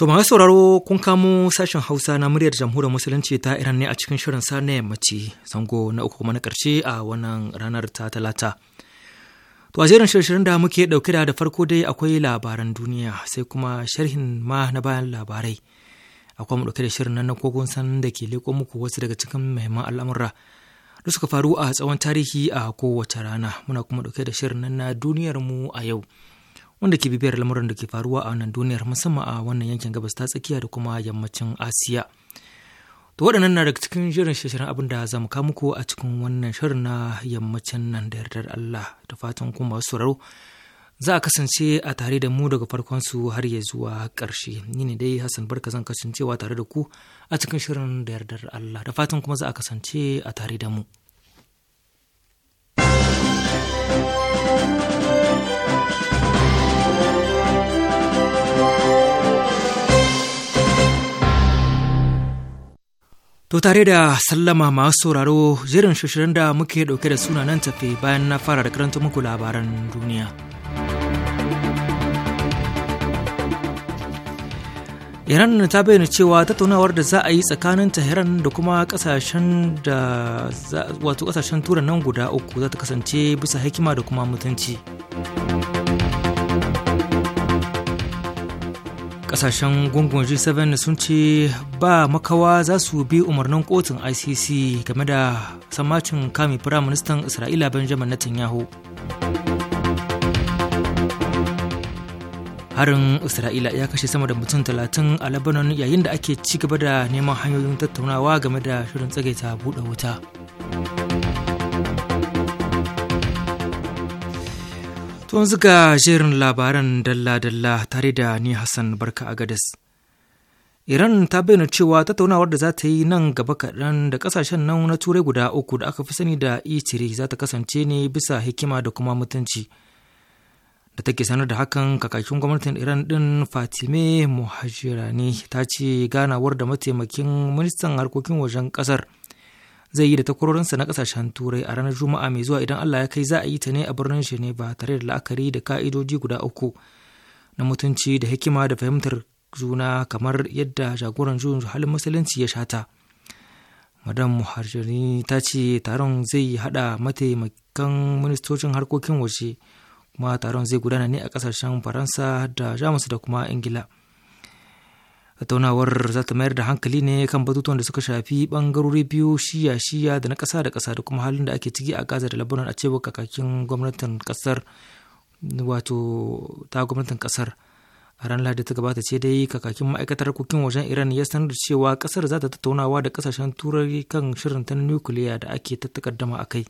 To masu sauraro kun kamo sashen Hausa na muryar jamhuriyar musulunci ta Iran ne a cikin shirin sa na yammaci zango na uku kuma na karshe a wannan ranar ta talata. To a jerin shirin da muke dauke da farko dai akwai labaran duniya sai kuma sharhin ma na bayan labarai. Akwai mu dauke da shirin nan na kogon san da ke leko muku wasu daga cikin muhimman al'amura da suka faru a tsawon tarihi a kowace rana. Muna kuma dauke da shirin nan na duniyar mu a yau. wanda ke bibiyar lamuran da ke faruwa a wannan duniyar musamman a wannan yankin gabas ta tsakiya da kuma yammacin asiya to waɗannan na daga cikin shirin shirin abin da za mu kawo muku a cikin wannan shirin na yammacin nan da yardar allah da fatan kuma masu sauraro za a kasance a tare da mu daga farkon su har ya zuwa ƙarshe ni ne dai hassan barka zan kasancewa tare da ku a cikin shirin da yardar allah da fatan kuma za a kasance a tare da mu To tare da sallama masu sauraro jirin shirin da muke ɗauke da nan tafe bayan na fara da karanta muku labaran duniya. Iran ta bayyana cewa tattaunawar da za a yi tsakanin Tehran da kuma kasashen da wato kasashen turan nan guda uku za ta kasance bisa hikima da kuma mutunci. kasashen gungun g7 sun ce ba makawa za su bi umarnin kotun icc game da samacin kami firaministan isra'ila benjamin netanyahu harin isra'ila ya kashe sama da mutum talatin a lebanon yayin da ake ci gaba da neman hanyoyin tattaunawa game da shirin tsagaita buɗe wuta. To yanzu ga jerin labaran dalla-dalla tare da ni Hassan Barka a Iran ta bayyana cewa tattaunawar da za ta yi nan gaba kaɗan da ƙasashen nan na turai guda uku da aka fi sani da itiri za ta kasance ne bisa hikima da kuma mutunci. Da take sanar da hakan kakakin gwamnatin Iran ɗin Fatime Muhajirani ta ce ganawar da mataimakin ministan harkokin wajen ƙasar. zai yi da takwarorinsa na kasashen turai a ranar juma'a mai zuwa idan allah ya kai za a yi ta ne a birnin geneva tare da la'akari da ka'idoji guda uku na mutunci da hikima da fahimtar juna kamar yadda jagoran juyin halin musulunci ya shata madam muhajirini ta ce taron zai hada mataimakan ministocin harkokin waje kuma taron zai gudana ne a kasashen faransa da jamus da kuma ingila tattaunawar za ta mayar da hankali ne kan batutuwan da suka shafi bangarori biyu shiya shiya da na kasa da kasa da kuma halin da ake ciki a gaza da labanon a cewar kakakin gwamnatin ƙasar wato ta gwamnatin ƙasar a ranar lahadi ta gabata ce dai kakakin ma'aikatar harkokin wajen iran ya sanar da cewa ƙasar za ta tattaunawa da ƙasashen turai kan shirin ta nukiliya da ake ta takaddama a kai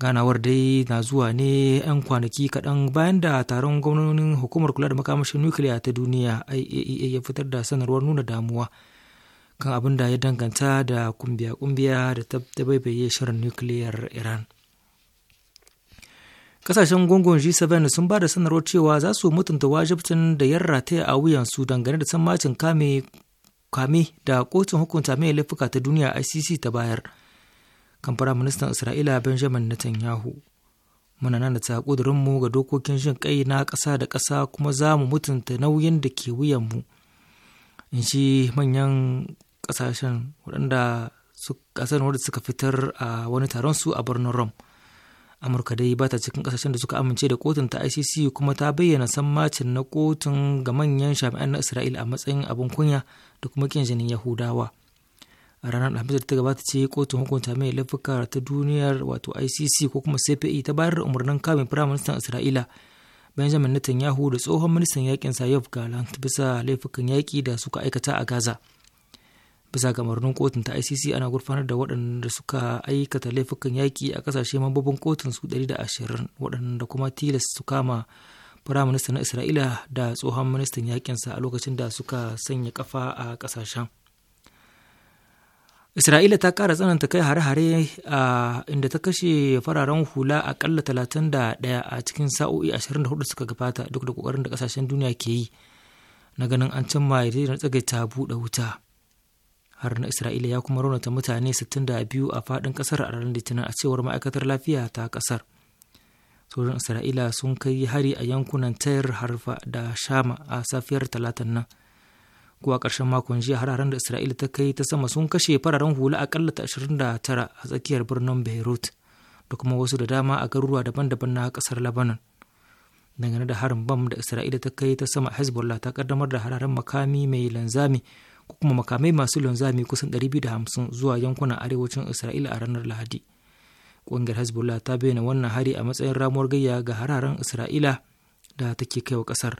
ganawar dai na zuwa ne 'yan kwanaki kaɗan bayan da taron gwamnonin hukumar kula da makamashin nukiliya ta duniya iaea e ya fitar da sanarwar nuna damuwa kan abin da ya danganta da kumbiya-kumbiya da ta baibaye shirin nukiliyar iran kasashen gungun g7 sun ba da sanarwar cewa za su mutunta wajibcin da yarra rataya a wuyansu dangane da sammacin kame da kotun hukunta mai laifuka ta duniya icc ta bayar kan firaministan Isra'ila Benjamin Netanyahu. Muna nan ta ƙudurinmu ga dokokin jin kai na ƙasa da ƙasa kuma za mu mutunta nauyin da ke wuyanmu. In shi manyan ƙasashen waɗanda ƙasar wadda suka fitar a wani taron su a birnin Rome. Amurka dai ba ta cikin ƙasashen da suka amince da kotun ta ICC kuma ta bayyana sammacin na kotun ga manyan jami'an na Isra'ila a matsayin abin kunya da kuma kin jinin Yahudawa. a ranar alhamis da ta gabata ce kotun hukunta mai laifuka ta duniyar wato icc ko kuma cpe ta bayar da umarnin kamin firaministan isra'ila benjamin netanyahu da tsohon ministan yakin sayof galant bisa laifukan yaƙi da suka aikata a gaza bisa ga umarnin kotun ta icc ana gurfanar da waɗanda suka aikata laifukan yaƙi a ƙasashe mambobin kotun su ɗari da ashirin waɗanda kuma tilas su kama firaministan na isra'ila da tsohon ministan sa a lokacin da suka sanya kafa a ƙasashen isra'ila ta kara tsananta kai hare-hare a inda ta kashe fararen hula aƙalla 31 a cikin sa'o'i 24 suka gabata duk da kokarin da kasashen duniya ke yi na ganin an ma cimma tsage ta buɗe wuta har na isra'ila ya kuma raunata mutane 62 a faɗin ƙasar a ranar litinin a cewar ma'aikatar lafiya ta ƙasar sojan isra'ila sun kai hari a yankunan tayar harfa da shama a safiyar talatan nan kuwa ƙarshen makon jiya hararen da isra'ila ta kai ta sama sun kashe fararen hula akalla ta 29 a tsakiyar birnin beirut da kuma wasu da dama a garuruwa daban-daban na ƙasar lebanon dangane da harin bam da isra'ila ta kai ta sama hezbollah ta kaddamar da hararen makami mai linzami ko kuma makamai masu linzami kusan 250 zuwa yankunan arewacin isra'ila a ranar lahadi ƙungiyar hezbollah ta bayyana wannan hari a matsayin ramuwar gayya ga hararen isra'ila da take kaiwa ƙasar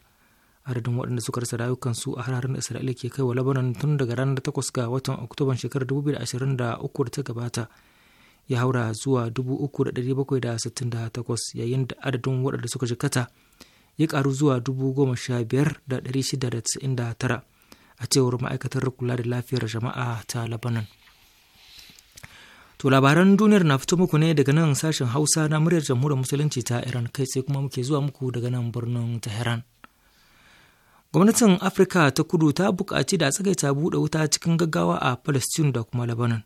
adadin waɗanda suka rasa rayukansu a hararin isra'ila ke kai wa tun daga ranar 8 ga watan oktoban shekarar 2023 da ta gabata ya haura zuwa 3,768 yayin da adadin waɗanda suka jikata ya karu zuwa 15,699 a cewar ma'aikatar kula da lafiyar jama'a ta lebanon to labaran duniyar na fito muku ne daga nan sashen hausa na muryar jamhuriyar musulunci ta iran kai sai kuma muke zuwa muku daga nan birnin tehran gwamnatin afirka ta kudu ta bukaci da ta buɗe wuta cikin gaggawa a palestine da kuma lebanon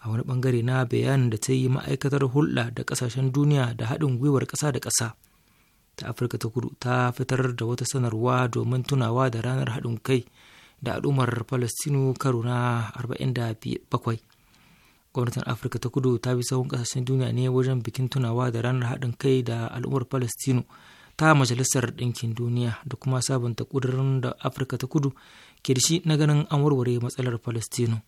a wani bangare na bayanin da ta yi ma'aikatar hulɗa da ƙasashen duniya da haɗin gwiwar ƙasa da ƙasa ta afirka ta kudu ta fitar da wata sanarwa domin tunawa da ranar haɗin kai da al'ummar palestinu karo na 47 gwamnatin afirka ta kudu ta bi sahun ƙasashen duniya ne wajen bikin tunawa da ranar haɗin kai da al'ummar palestinu ta majalisar ɗinkin duniya da kuma sabunta ƙudurin da afirka ta kudu ke da shi na ganin an warware matsalar palestino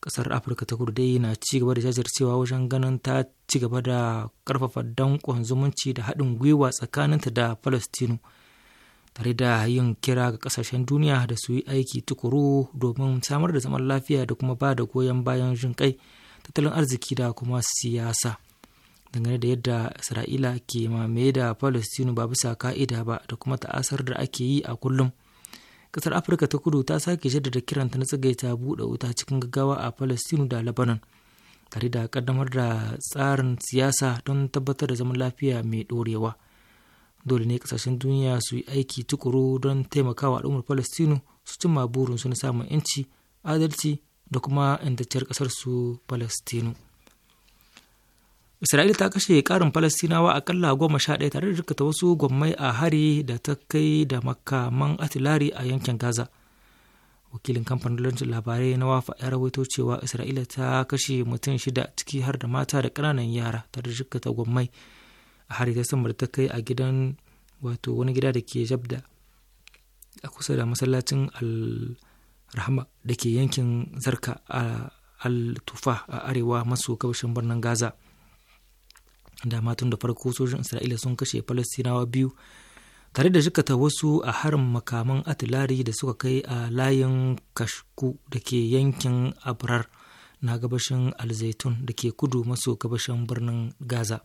ƙasar afirka ta kudu dai na ci gaba da jajircewa wajen ganin ta ci gaba da ƙarfafa danƙon zumunci da haɗin gwiwa tsakaninta da palestino tare da yin kira ga ƙasashen duniya da su yi aiki tukuru domin samar da zaman lafiya da kuma ba da goyon bayan jin tattalin arziki da kuma siyasa dangane da yadda isra'ila ke mamaye da palestinu ba bisa ka'ida ba da kuma ta'asar da ake yi a kullum kasar afirka ta kudu ta sake jaddada kiranta na tsagaita buɗe wuta cikin gaggawa a palestinu da lebanon tare da kaddamar da tsarin siyasa don tabbatar da zaman lafiya mai ɗorewa dole ne kasashen duniya su yi aiki tukuru don taimakawa al'ummar palestinu su cimma su na samun 'yanci adalci da kuma ƙasar su palestinu isra'ila ta kashe karin falastinawa akalla goma sha ɗaya tare da rikata wasu gwammai a hari da ta kai da makaman atilari a yankin gaza wakilin kamfanin lantarki labarai na wafa ya rawaito cewa isra'ila ta kashe mutum shida ciki har da mata da ƙananan yara tare da rikata gwammai a hari ta samar ta kai a gidan wato wani gida da ke jabda a kusa da masallacin al-rahma da ke yankin zarka a al-tufa a arewa maso gabashin birnin gaza dama tun da farko sojin isra'ila sun kashe falastinawa biyu tare da jikata wasu a harin makaman atilari da suka kai a layin kashku da ke yankin abrar na gabashin alzaitun da ke kudu maso gabashin birnin gaza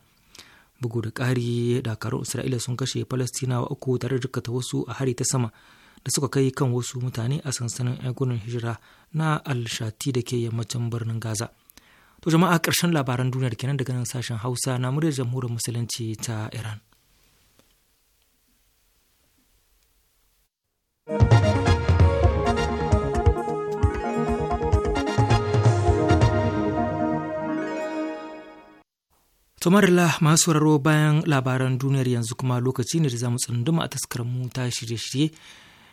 bugu da ƙari dakarun isra'ila sun kashe falastinawa uku tare da jikata wasu a hari ta sama da suka kai kan wasu mutane a sansanin 'yan hijira na alshati da ke yammacin birnin gaza To jama'a ƙarshen labaran duniyar kenan daga nan sashen Hausa na muryar jamhuriyar musulunci ta Iran. Tumarila masu sauraro bayan labaran duniyar yanzu kuma lokaci ne da za mu tsunduma a taskar ta shirye-shirye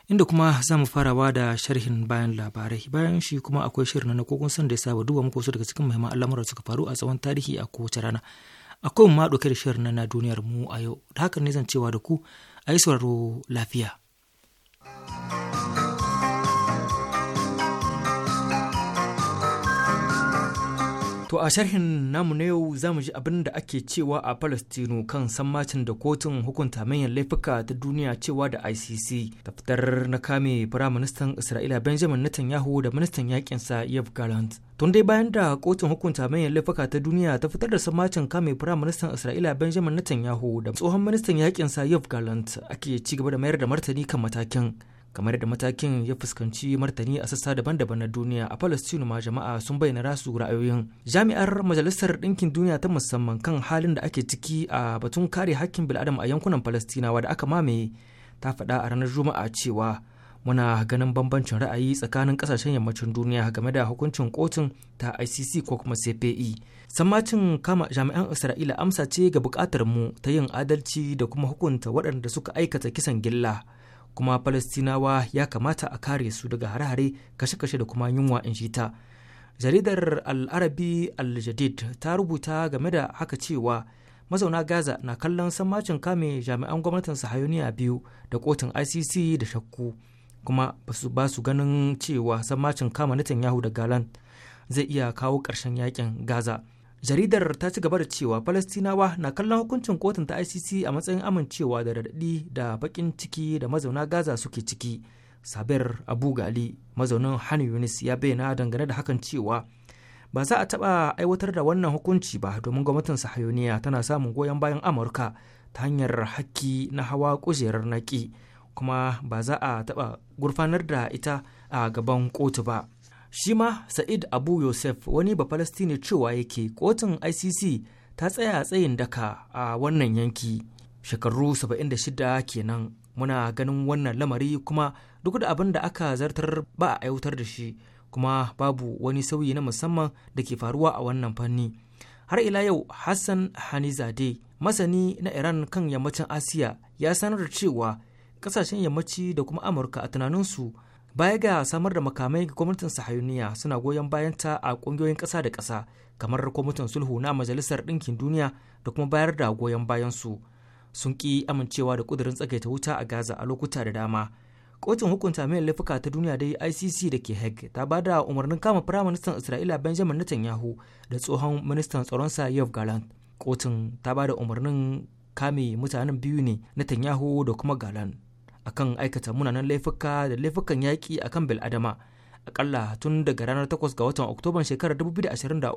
inda kuma za mu farawa da sharhin bayan labarai bayan shi kuma akwai shirin na kogon sanda da ya saba duba muku wasu daga cikin muhimman al'amuran suka faru a tsawon tarihi a kowace rana akwai ma ɗauke da shirin na duniyar mu a yau da hakan ne zan cewa da ku a yi sauraro lafiya. thank you To a sharhin namu na yau za mu ji abin da ake cewa a Falastinu kan sammacin da kotun hukunta manyan laifuka ta duniya cewa da ICC ta fitar na kame Firaministan Isra'ila Benjamin Netanyahu da ministan yakinsa Yev Gallant. Tun dai bayan da kotun hukunta manyan laifuka ta duniya ta fitar da sammacin kame Firaministan Isra'ila Benjamin Netanyahu da tsohon ministan yakinsa Yev Gallant ake ci gaba da mayar da martani kan matakin. kamar yadda matakin ya fuskanci martani a sassa daban-daban na duniya a palestine ma jama'a sun bayyana rasu ra'ayoyin jami'ar majalisar ɗinkin duniya ta musamman kan halin da ake ciki a batun kare hakkin bil'adam a yankunan palestinawa da aka mamaye ta faɗa a ranar juma'a cewa muna ganin bambancin ra'ayi tsakanin ƙasashen yammacin duniya game da hukuncin kotun ta icc ko kuma cpe sammacin kama jami'an isra'ila amsa ce ga bukatar mu ta yin adalci da kuma hukunta waɗanda suka aikata kisan gilla kuma falastinawa ya kamata a kare su daga hare-hare kashe-kashe da kuma yunwa in ta jaridar al'arabi al-jadid ta rubuta game da haka cewa mazauna gaza na kallon sammacin kame jami'an gwamnatin sahayoniya biyu da kotun icc da shakku kuma ba su ganin cewa sammacin kama Netanyahu da galan zai iya kawo ƙarshen yakin gaza jaridar ta ci gaba da cewa falastinawa na kallon hukuncin kotun ta icc a matsayin amincewa da radadi da baƙin ciki da mazauna gaza suke ciki sabir abu gali mazaunin han yunis ya bayyana dangane da hakan cewa ba za a taɓa aiwatar da wannan hukunci ba domin gwamnatin sahayoniya tana samun goyon bayan amurka ta hanyar hakki na hawa kujerar naƙi kuma ba za a taɓa gurfanar da ita a gaban kotu ba shi ma sa'id abu yosef wani ba bafalastini cewa yake kotun icc ta tsaya tsayin daka a wannan yanki shekaru 76 kenan muna ganin wannan lamari kuma duk da abin da aka zartar ba a aiwatar da shi kuma babu wani sauyi na musamman da ke faruwa a wannan fanni har ila yau hassan hanizade masani na iran kan yammacin asiya ya sanar da cewa kasashen yammaci da kuma amurka a tunaninsu baya ga samar da makamai ga gwamnatin sahayuniya suna goyon bayanta a kungiyoyin ƙasa da kasa kamar kwamitin sulhu na majalisar ɗinkin duniya da kuma bayar da goyon bayansu sun ƙi amincewa da ƙudurin tsagaita wuta a gaza a lokuta da dama kotun hukunta mai laifuka ta duniya dai icc da ke hague ta ba da umarnin kama firaministan isra'ila benjamin netanyahu da tsohon ministan tsaronsa yov galan kotun ta ba da umarnin kame mutanen biyu ne netanyahu da kuma galan akan aikata munanan laifuka da laifukan yaƙi akan bil'adama akalla tun daga ranar 8 ga watan oktoban shekarar 2023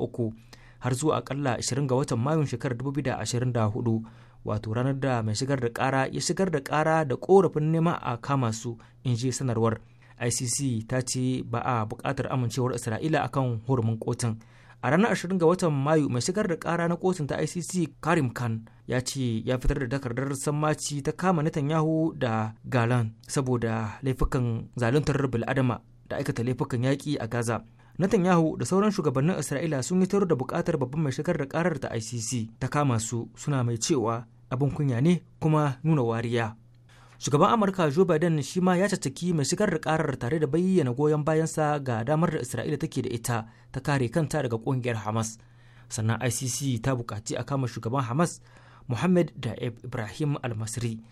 har zuwa akalla 20 ga watan mayun shekarar 2024 wato ranar da mai shigar da ƙara ya shigar da ƙara da korafin nema a kama su in ji sanarwar icc ta ce ba a buƙatar amincewar isra'ila akan hurumin kotun a ranar 20 ga watan mayu mai shigar da kara na kotun ta icc karim khan ya ce ya fitar da takardar sammaci ta kama netanyahu da galan saboda laifukan zaluntar bil'adama da aikata laifukan yaƙi a gaza Netanyahu da sauran shugabannin Isra'ila sun yi taro da bukatar babban mai shigar da karar ta ICC ta kama su suna mai cewa abin kunya ne kuma nuna wariya. shugaban amurka joe biden shi ma ya cacaki mai shigar da karar tare da bayyana goyon bayansa ga damar da isra'ila take da ita ta kare kanta daga kungiyar hamas sannan icc ta bukaci a kama shugaban hamas muhammad da ibrahim almasri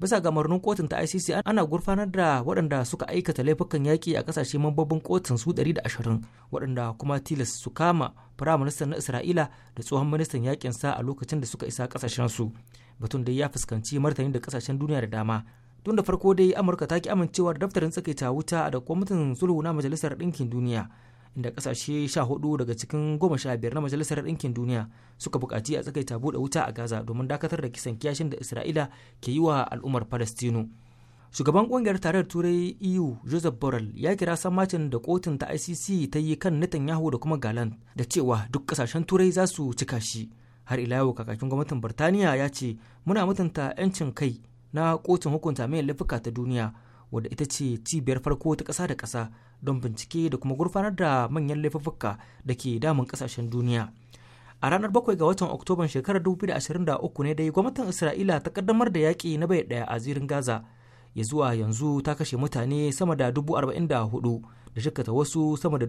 bisa ga marunin kotun ta icc ana gurfanar da waɗanda suka aikata laifukan yaƙi a ƙasashe mambobin kotun su ashirin waɗanda kuma tilas su kama firaministan na isra'ila da tsohon ministan yaƙin sa a lokacin da suka isa ƙasashen su batun dai ya fuskanci martani da kasashen duniya da dama tun da farko dai amurka ta ki amincewa da daftarin tsakaita wuta da kwamitin sulhu na majalisar ɗinkin duniya inda kasashe sha hudu daga cikin goma sha biyar na majalisar ɗinkin duniya suka bukaci a tsakaita buɗe wuta a gaza domin dakatar da kisan kiyashin da isra'ila ke yi wa al'ummar palestino shugaban ƙungiyar tarayyar turai eu joseph borrell ya kira sammacin da kotun ta icc ta yi kan netanyahu da kuma galan da cewa duk kasashen turai za su cika shi har ila yau kakakin gwamnatin birtaniya ya ce muna mutunta 'yancin kai na kotun hukunta mai laifuka ta duniya wadda ita ce cibiyar farko ta kasa da kasa don bincike da kuma gurfanar da manyan laifuffuka da ke damun kasashen duniya a ranar 7 ga watan oktoban shekarar 2023 ne dai gwamnatin isra'ila ta kaddamar da yaƙi na bai ɗaya a zirin gaza ya zuwa yanzu ta kashe mutane sama da 44 da shikata wasu sama da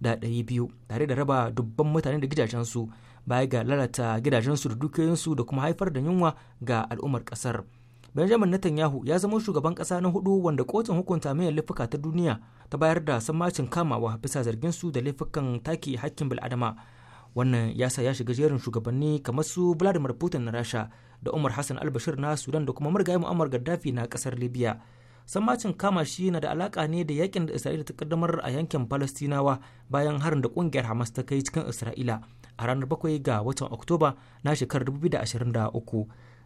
da ɗari biyu tare da raba dubban mutane da gidajensu baya ga lalata gidajensu da dukiyoyinsu da kuma haifar da yunwa ga al'ummar ƙasar. Benjamin Netanyahu ya zama shugaban ƙasa na hudu wanda kotun hukunta mai laifuka ta duniya ta bayar da sammacin kamawa bisa zargin su da laifukan take hakkin bil'adama. Wannan ya sa ya shiga jerin shugabanni kamar su Vladimir Putin na Rasha da Umar Hassan al na Sudan da kuma marigayi Muammar Gaddafi na kasar Libya. sammacin kama shi na da alaka ne da yakin da isra'ila ta kaddamar a yankin palestinawa bayan harin da kungiyar hamas ta kai cikin isra'ila a ranar 7 ga watan oktoba na shekarar 2023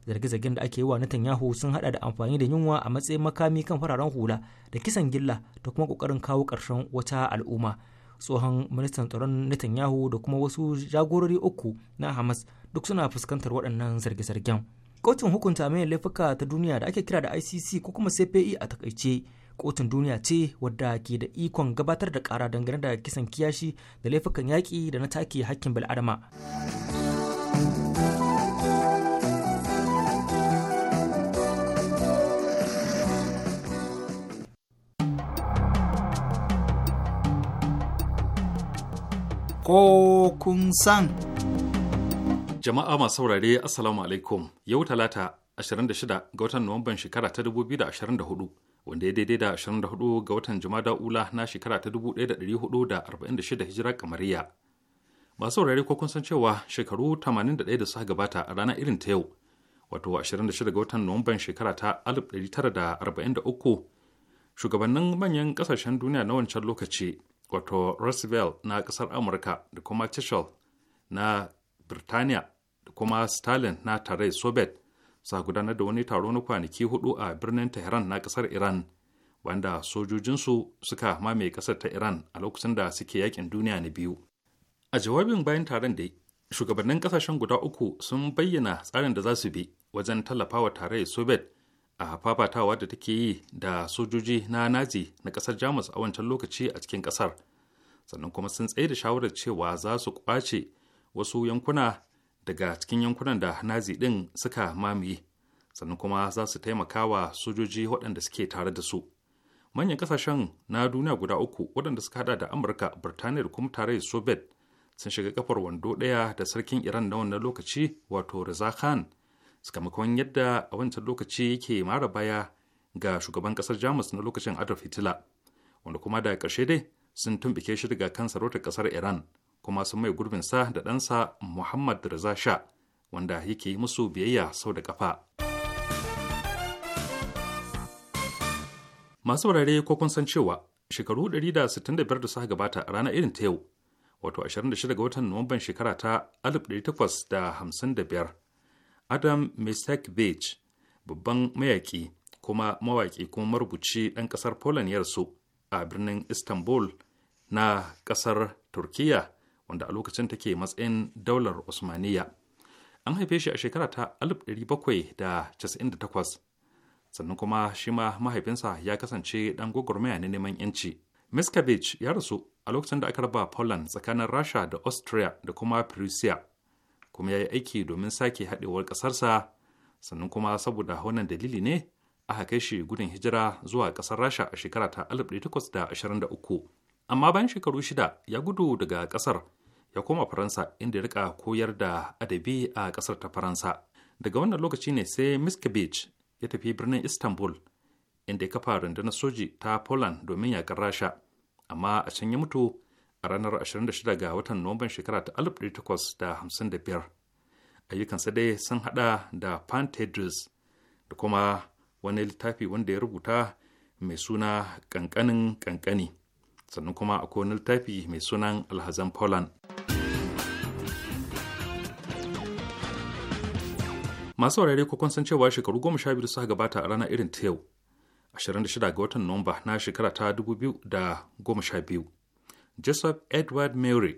zarge-zargen da ake yi wa netanyahu sun hada da amfani da yunwa a matsayin makami kan fararen hula da kisan gilla da kuma kokarin kawo karshen wata al'umma tsohon ministan tsaron netanyahu da kuma wasu jagorori uku na hamas duk suna fuskantar waɗannan zarge-zargen kotun hukunta mai laifuka ta duniya da ake kira da icc ko kuma cpe a takaice kotun duniya ce wadda ke da ikon gabatar da kara dangane da kisan kiyashi da laifukan yaƙi da na take hakkin bil'adama ko kun san Jama'a masu saurare Assalamu alaikum yau talata 26 ga watan Nuwamban shekara ta 2024 wanda ya daidai da 24 ga watan Jumada Ula na shekara ta 1446 hijira kamariya. Masu saurare ko kun san cewa shekaru 81 da suka gabata a ranar irin ta yau wato 26 ga watan Nuwamban shekara ta 1943 shugabannin manyan kasashen duniya na wancan lokaci wato Roosevelt na kasar Amurka da kuma Churchill na birtaniya da kuma stalin na tarayyar soviet sa gudanar da wani taro na kwanaki hudu a birnin tehran na kasar iran wanda sojojinsu suka mamaye kasar ta iran a lokacin da suke yakin duniya na biyu a jawabin bayan taron da shugabannin kasashen guda uku sun bayyana tsarin da za su bi wajen tallafawa tarayyar soviet a fafatawa da take yi da sojoji na nazi na kasar jamus a wancan lokaci a cikin kasar sannan kuma sun tsaye da shawarar cewa za su kwace wasu yankuna daga cikin yankunan da nazi ɗin suka mamaye sannan kuma za su taimaka wa sojoji waɗanda suke tare da su manyan ƙasashen na duniya guda uku waɗanda suka hada da amurka birtaniya da kuma tarayyar soviet sun shiga kafar wando ɗaya da sarkin iran na wannan lokaci wato reza khan sakamakon yadda a wancan lokaci yake mara baya ga shugaban ƙasar jamus na lokacin adolf hitler wanda kuma da ƙarshe dai sun tumbike shi daga kan sarautar ƙasar iran kuma sun mai gurbinsa da ɗansa Muhammad Reza Sha wanda yake yi musu biyayya sau da kafa. Masu wurare ko kun san cewa shekaru 165 da suka gabata a ranar irin ta yau, wato 26 ga watan Nuwamban shekara ta 1855, Adam Misak Beach, babban mayaƙi kuma mawaƙi kuma marubuci ɗan ƙasar Poland ya a birnin Istanbul na ƙasar Turkiyya wanda a lokacin take matsayin daular Usmaniya. An haife shi a shekara ta 1798, sannan kuma shi ma mahaifinsa ya kasance ɗan gwagwarmaya na neman 'yanci. Miskavich ya rasu a lokacin da aka raba Poland tsakanin Rasha da Austria da kuma Prussia, kuma ya yi aiki domin sake haɗewar ƙasarsa, sannan kuma saboda wannan dalili ne aka kai shi gudun hijira zuwa ƙasar Rasha a shekara ta 1823. Amma bayan shekaru shida ya gudu daga ƙasar ya koma faransa inda ya rika koyar da adabi a kasar ta faransa daga wannan lokaci ne sai miskabic ya tafi birnin istanbul inda ya kafa rundunar soji ta poland domin yakar rasha amma a can ya mutu a ranar 26 ga watan nuwamban shekara ta 1855 ayyukansa dai sun hada da pantedris da kuma wani littafi wanda ya rubuta mai suna kankanin kankani sannan kuma akwai wani littafi mai sunan alhazan poland masu saurare ko kun san cewa shekaru goma sha biyu suka gabata a rana irin ta yau 26 ga watan nuwamba na shekara ta 2012 joseph edward mary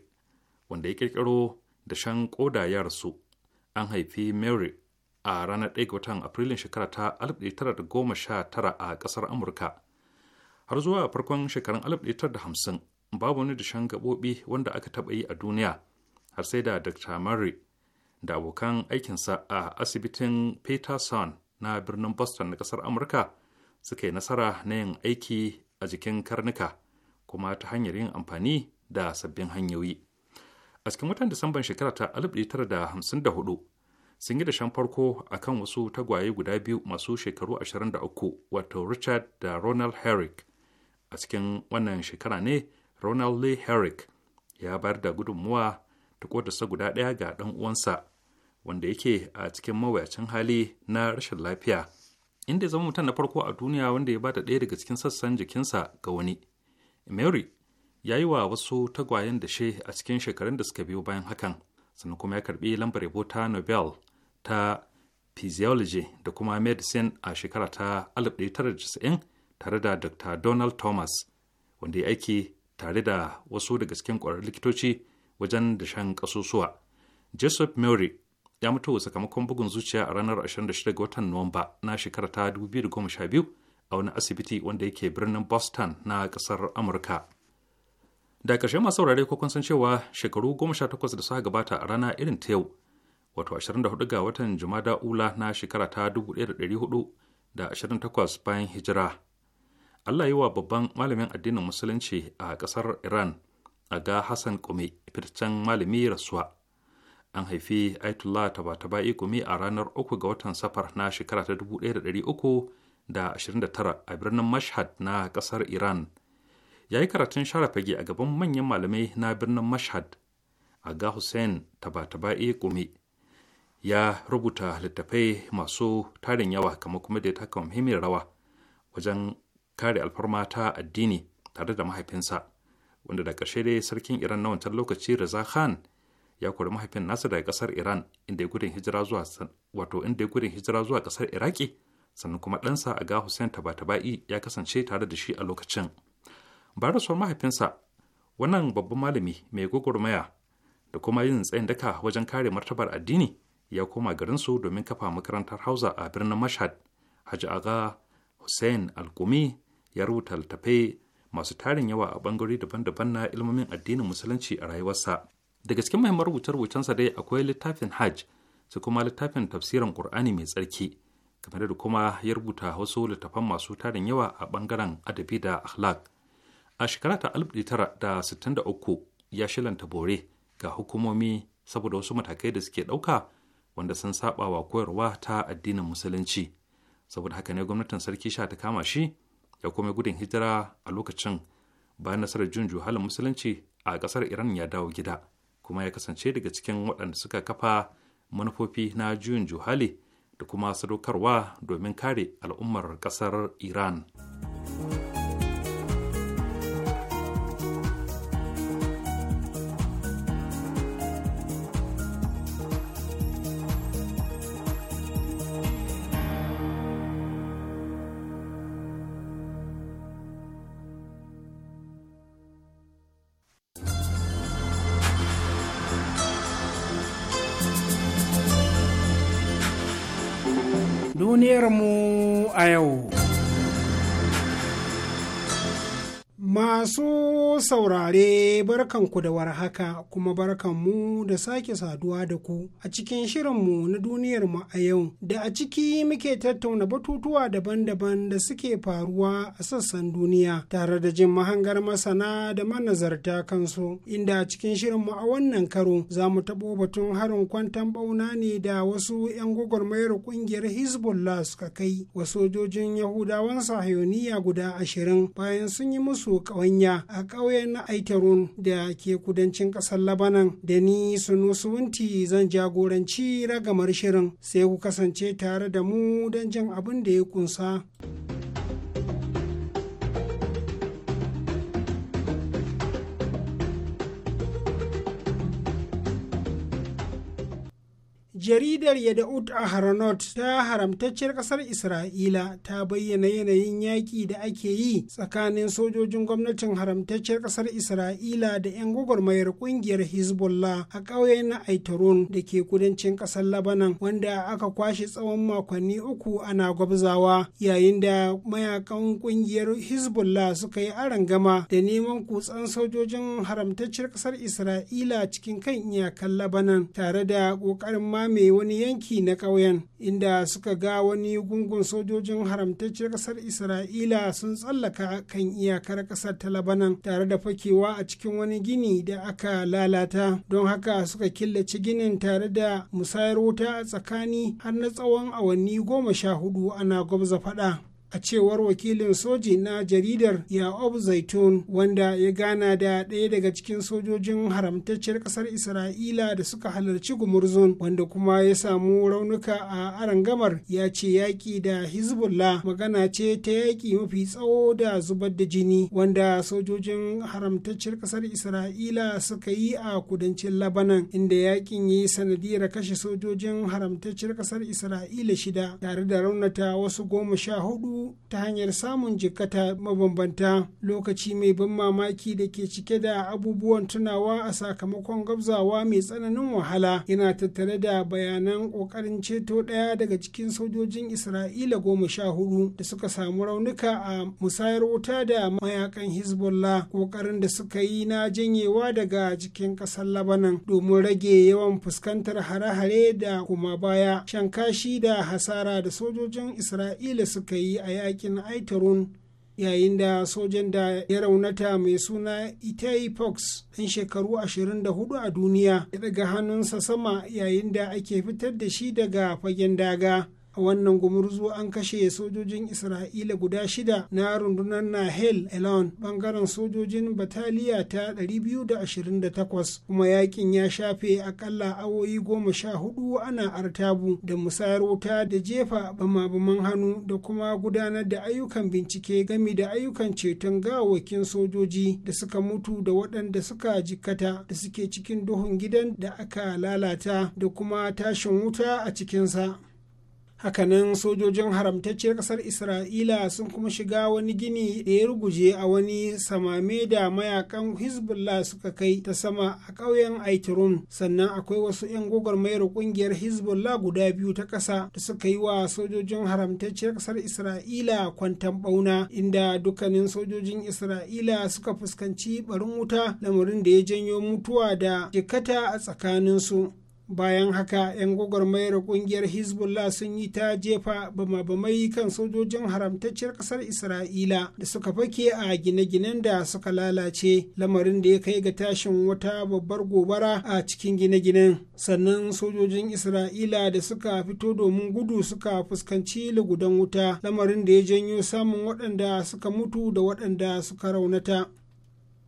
wanda ya kirkiro da shan koda ya rasu an haifi mary a ranar ɗaya ga watan afrilun shekara ta 1919 a ƙasar amurka har zuwa a farkon shekarun hamsin babu wani dashen gaɓoɓi wanda aka taɓa yi a duniya har sai da dr murray da abokan aikinsa a asibitin peterson na birnin boston na kasar amurka suka yi nasara na yin aiki a jikin karnuka kuma ta hanyar yin amfani da sabbin hanyoyi a cikin watan disamban shekara ta 1954 sun yi dashen farko a kan wasu tagwaye guda biyu masu shekaru 23 wato richard da ronald herrick a cikin wannan shekara ne ronald lee herrick ya bayar da gudunmuwa ta kodarsa guda ɗaya ga ɗan uwansa wanda yake a cikin mawuyacin hali na rashin lafiya inda zama mutum na farko a duniya wanda ya bada ɗaya daga cikin sassan jikinsa ga wani mary ya yi wa wasu tagwayen da she a cikin shekarun da suka biyo bayan hakan sannan kuma ya karbi lambar yabo ta nobel ta physiology da kuma medicine a shekara ta 1990 tare da dr donald thomas wanda ya aiki tare da wasu daga cikin kwarar likitoci wajen dashen ƙasusuwa joseph murray ya mutu sakamakon bugun zuciya a ranar 26 ga watan Nuwamba na shekara ta 2012 a wani asibiti wanda yake birnin Boston na kasar Amurka. Da ƙarshe masu saurare ko san cewa shekaru 18 da suka gabata a rana irin ta yau, wato 24 ga watan Jumada Ula na shekara ta 1428 bayan hijira. Allah yi wa babban malamin addinin Musulunci a ƙasar Iran, Aga Hassan Kume, fitaccen malami rasuwa. an haifi Aitullah Tabatabai Gumi a ranar 3 ga watan safar na shekara ta 1329 a birnin Mashhad na kasar Iran. Ya yi karatun share fage a gaban manyan malamai na birnin Mashhad, Aga Hussein Tabatabai Gumi. Ya rubuta littattafai masu tarin yawa kamar kuma da ya taka muhimmin rawa wajen kare alfarma ta addini tare da mahaifinsa, wanda da ƙarshe dai sarkin Iran na wancan lokaci Reza Khan ya kori mahaifin nasa daga kasar iran inda ya gudun hijira zuwa wato inda ya gudun hijira zuwa kasar iraki sannan kuma ɗansa ga hussein tabatabai ya kasance tare da shi a lokacin ba rasuwar mahaifinsa wannan babban malami mai gwagwarmaya da kuma yin tsayin daka wajen kare martabar addini ya koma garinsu domin kafa makarantar hausa a birnin mashhad haji aga hussein alkumi ya rubuta littattafai masu tarin yawa a bangarori daban-daban na ilmomin addinin musulunci a rayuwarsa daga cikin muhimman rubuce-rubucensa dai akwai littafin hajj sai kuma littafin tafsirin qur'ani mai tsarki kamar da kuma ya rubuta wasu littafan masu tarin yawa a ɓangaren adabi da akhlaq a shekara ta uku ya shilanta bore ga hukumomi saboda wasu matakai da suke ɗauka wanda sun saba wa koyarwa ta addinin musulunci saboda haka ne gwamnatin sarki sha ta kama shi ya kuma gudun hijira a lokacin bayan nasarar jin juhalin musulunci a ƙasar iran ya dawo gida kuma ya kasance daga cikin waɗanda suka kafa manufofi na juyin juhali da kuma sadaukarwa domin kare al'ummar ƙasar iran mu a yau. Masu saurare barkanku da warhaka kuma barkanmu da sake saduwa da ku a cikin shirinmu na duniyar mu a yau da a ciki muke tattauna batutuwa daban-daban da suke faruwa a sassan duniya tare da jin mahangar masana da manazarta kansu inda a cikin shirinmu a wannan karo za mu taɓo batun harin kwantan ɓauna ne da wasu 'yan gwagwarmayar ƙungiyar hezbollah suka kai wa sojojin yahudawan sahiyoniya guda ashirin bayan sun yi musu ƙawanya a ƙauye. ƙauyen na Aiterun da ke kudancin ƙasar Labanan da ni Sunusuwunti zan jagoranci ragamar shirin sai ku kasance tare da mu don jin abin da ya kunsa. jaridar Yada'ut Aharonot ta haramtacciyar ƙasar Isra'ila ta bayyana yanayin yaƙi da ake yi tsakanin sojojin gwamnatin haramtacciyar ƙasar Isra'ila da 'yan gwagwarmayar ƙungiyar Hezbollah a ƙauye na Aitarun da ke kudancin ƙasar Labanan wanda aka kwashe tsawon makonni uku ana gwabzawa yayin da mayakan ƙungiyar Hezbollah suka yi arangama da neman kutsan sojojin haramtacciyar ƙasar Isra'ila cikin kan iyakan Labanan tare da ƙoƙarin mai wani yanki na ƙauyen inda suka ga wani gungun sojojin haramtacciyar ƙasar isra'ila sun tsallaka kan iyakar ƙasar ta labanan tare da fakewa a cikin wani gini da aka lalata don haka suka killace ginin tare da musayar wuta a tsakani har na tsawon awanni goma sha hudu ana gwabza faɗa a cewar wakilin soji na jaridar yaob zaitun wanda ya gana da ɗaya daga cikin sojojin haramtacciyar ƙasar isra'ila da suka halarci gumurzun wanda kuma ya samu raunuka a arangamar ya ce yaƙi da hezbollah magana ce ta yaƙi mafi tsawo da zubar da jini wanda sojojin haramtaccen ƙasar isra'ila suka yi a kudancin labanan inda yaƙin ya yi sanadiyar kashe sojojin haramtacciyar ƙasar isra'ila shida tare da raunata wasu goma sha hudu ta hanyar samun jikata mabambanta lokaci mai ban mamaki da ke cike da abubuwan tunawa a sakamakon gabzawa mai tsananin wahala yana tattare da bayanan ƙoƙarin ceto ɗaya daga cikin sojojin isra'ila goma sha hudu da suka samu raunuka a musayar wuta da mayakan hezbollah ƙoƙarin da suka yi na janyewa daga cikin ƙasar labanan domin rage yawan fuskantar hare-hare da kuma baya shankashi da hasara da sojojin isra'ila suka yi a yakin aitarun yayin da sojan da ya raunata mai suna itai fox ɗan shekaru 24 a duniya ya daga hannunsa sama yayin da ake fitar da shi daga fagen daga a wannan gumurzu an kashe sojojin isra'ila guda shida na rundunar nahel elon bangaren sojojin bataliya ta 228 kuma yakin ya shafe akalla awoyi goma sha hudu ana artabu da musayar wuta da jefa bama-baman hannu da kuma gudanar da ayyukan bincike gami da ayyukan ceton gawakin sojoji da suka mutu da waɗanda suka jikkata da suke cikin duhun gidan da aka lalata da kuma tashin wuta a cikinsa. hakanan sojojin haramtacciyar kasar isra'ila sun kuma shiga wani gini da ya ruguje a wani samame da mayakan hezbollah suka kai ta sama a ƙauyen aitirun sannan akwai wasu 'yan gwagwarmayar ƙungiyar hezbollah guda biyu ta ƙasa da suka yi wa sojojin haramtacciyar kasar isra'ila kwantan bauna inda dukkanin sojojin isra'ila suka fuskanci barin wuta lamarin da ya janyo mutuwa da jikata a tsakaninsu bayan haka 'yan gwagwarmayar kungiyar hezbollah sun yi ta jefa bama yi kan sojojin haramtacciyar kasar isra'ila da suka fake a gine-ginen da suka lalace lamarin da ya kai ga tashin wata babbar gobara a cikin gine-ginen sannan sojojin isra'ila da suka fito domin gudu suka fuskanci lugudan wuta lamarin da ya janyo samun waɗanda suka mutu da waɗanda suka raunata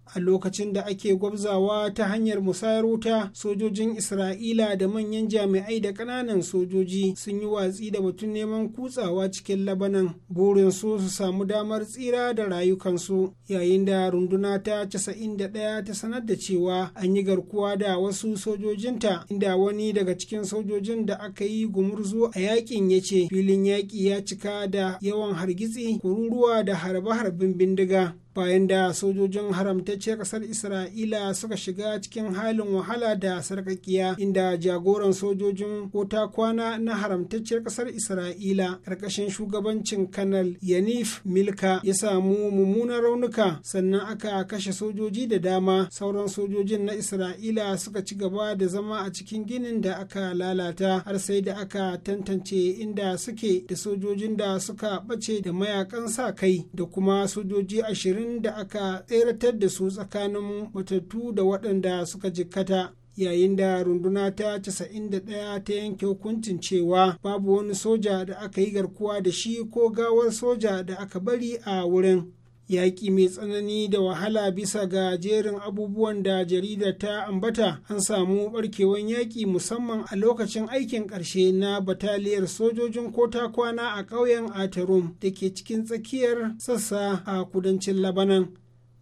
a lokacin da ake gwabzawa ta hanyar musayar wuta sojojin isra'ila da manyan jami'ai da ƙananan sojoji sun yi watsi da batun neman kutsawa cikin labanan burinsu su samu damar tsira da rayukansu yayin da runduna ta 91 ta sanar da cewa an yi garkuwa da wasu sojojinta inda wani daga cikin sojojin da aka yi gumurzu a yakin ya ce filin yaƙi ya cika da yawan hargitsi kururuwa da harbe-harben bindiga bayan da sojojin haramtacciyar ƙasar isra'ila suka shiga cikin halin wahala da sarƙaƙiya inda jagoran sojojin kota kwana na haramtacciyar ƙasar isra'ila ƙarƙashin shugabancin kanal yanif milka ya samu mummunan raunuka sannan aka kashe sojoji da dama sauran sojojin na isra'ila suka ci gaba da zama a cikin ginin da aka lalata har sai da aka tantance inda suke da sojojin da suka ɓace da mayakan sa kai da kuma sojoji ashirin abin da aka tseratar da su tsakanin matattu da waɗanda suka jikkata yayin da runduna ta 91 ta yanke hukuncin cewa babu wani soja da aka yi garkuwa da shi ko gawar soja da aka bari a wurin yaƙi mai tsanani da wahala bisa ga jerin abubuwan da jaridar ta ambata an samu barkewan yaƙi musamman a lokacin aikin ƙarshe na bataliyar sojojin kota kwana a ƙauyen atarum da ke cikin tsakiyar sassa a kudancin labanan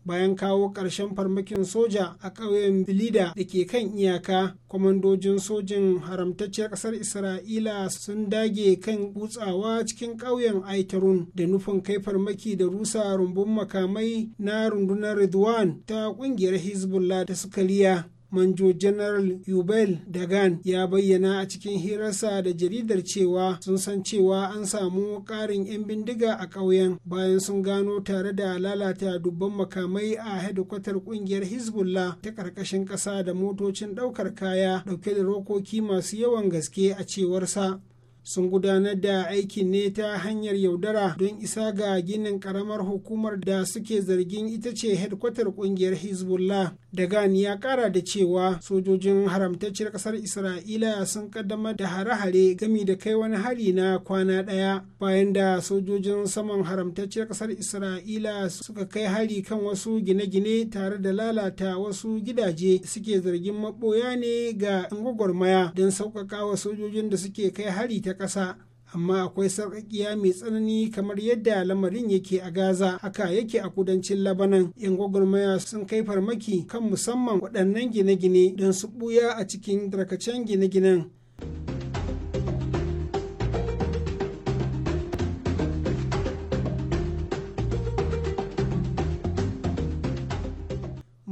bayan kawo ƙarshen farmakin soja a ƙauyen bilida da ke kan iyaka kwamandojin sojin haramtacciyar ƙasar isra'ila sun dage kan gutsawa cikin ƙauyen aitarun da nufin kai farmaki da rusa rumbun makamai na rundunar ridwan ta ƙungiyar hezbollah ta sukariya manjo general yubel dagan ya bayyana a cikin hirarsa da jaridar cewa sun san cewa an samu ƙarin 'yan bindiga a ƙauyen bayan sun gano tare da lalata dubban makamai a hedikwatar ƙungiyar hezbollah ta ƙarƙashin ƙasa da motocin ɗaukar kaya ɗauke da rokoki masu yawan gaske a cewarsa sun gudanar da aikin ne ta hanyar yaudara don isa ga ginin karamar hukumar da suke zargin ita ce hedkwatar kungiyar hezbollah gani ya kara da cewa sojojin haramtacciyar kasar isra'ila sun kaddamar da hare-hare gami da kai wani hari na kwana daya bayan da sojojin saman haramtacciyar kasar isra'ila suka kai hari kan wasu gine-gine tare da lalata wasu gidaje suke zargin maboya ne ga gwagwarmaya don sauƙaƙa sojojin da suke kai hari ta ta ƙasa amma akwai sarƙaƙiya mai tsanani kamar yadda lamarin yake a gaza haka yake a kudancin labanan yan gwagwarmaya sun kai farmaki kan musamman waɗannan gine-gine don su ɓuya a cikin tarkacen gine-ginen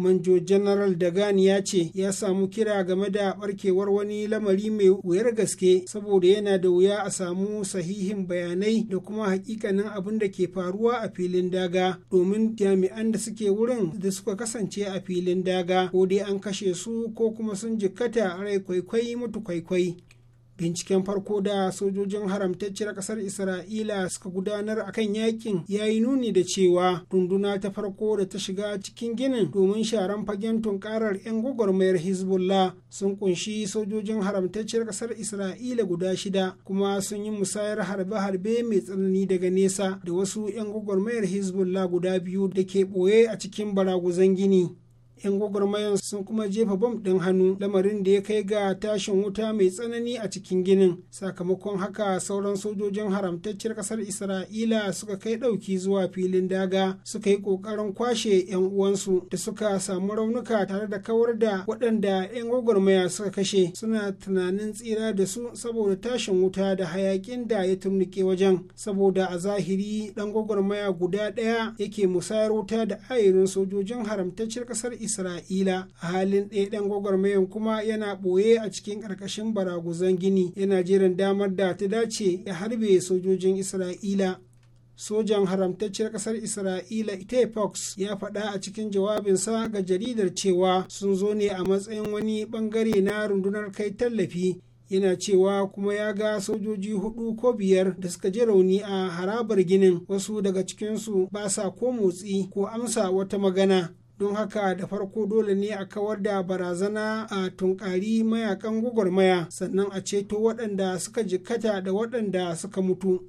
manjo general dagan ya ce ya samu kira game da barkewar wani lamari mai wuyar gaske saboda yana da wuya a samu sahihin bayanai da kuma hakikanin abin da ke faruwa a filin daga domin jami'an da suke wurin da suka kasance a filin daga ko dai an kashe su ko kuma sun jikkata rai kwaikwai mutu kwaikwai binciken farko da sojojin haramtacciyar kasar isra'ila suka gudanar akan yakin ya yi nuni da cewa runduna ta farko da ta shiga cikin ginin domin sharan fagen tunkarar 'yan gwagwarmayar hezbollah sun kunshi sojojin haramtacciyar kasar isra'ila guda shida kuma sun yi musayar harbe-harbe mai tsanani daga nesa da wasu 'yan gwagwarmayar hezbollah guda biyu da ke ɓoye a cikin baraguzan gini 'yan gwagwarmayan sun kuma jefa bom ɗin hannu lamarin da ya kai ga tashin wuta mai tsanani a cikin ginin sakamakon haka sauran sojojin haramtacciyar ƙasar isra'ila suka kai ɗauki zuwa filin daga suka yi ƙoƙarin kwashe 'yan uwansu da suka samu raunuka tare da kawar da waɗanda 'yan gwagwarmaya suka kashe suna tunanin tsira da su saboda tashin wuta da hayaƙin da ya tumnuke wajen saboda a zahiri ɗan gwagwarmaya guda ɗaya yake musayar wuta da ayirin sojojin haramtacciyar ƙasar isra'ila isra'ila a halin ɗaya ɗan gwagwarmayan kuma yana ɓoye a cikin ƙarƙashin baraguzan gini yana jiran damar da ta dace ya harbe sojojin isra'ila sojan haramtacciyar ƙasar isra'ila ita fox ya faɗa a cikin jawabinsa ga jaridar cewa sun zo ne a matsayin wani ɓangare na rundunar kai tallafi yana cewa kuma ya ga sojoji hudu ko biyar da suka ji rauni a harabar ginin wasu daga cikinsu ba sa ko motsi ko amsa wata magana don haka da farko dole ne a kawar da barazana a tunkari mayakan gwagwarmaya sannan a ceto waɗanda suka jikkata da waɗanda suka mutu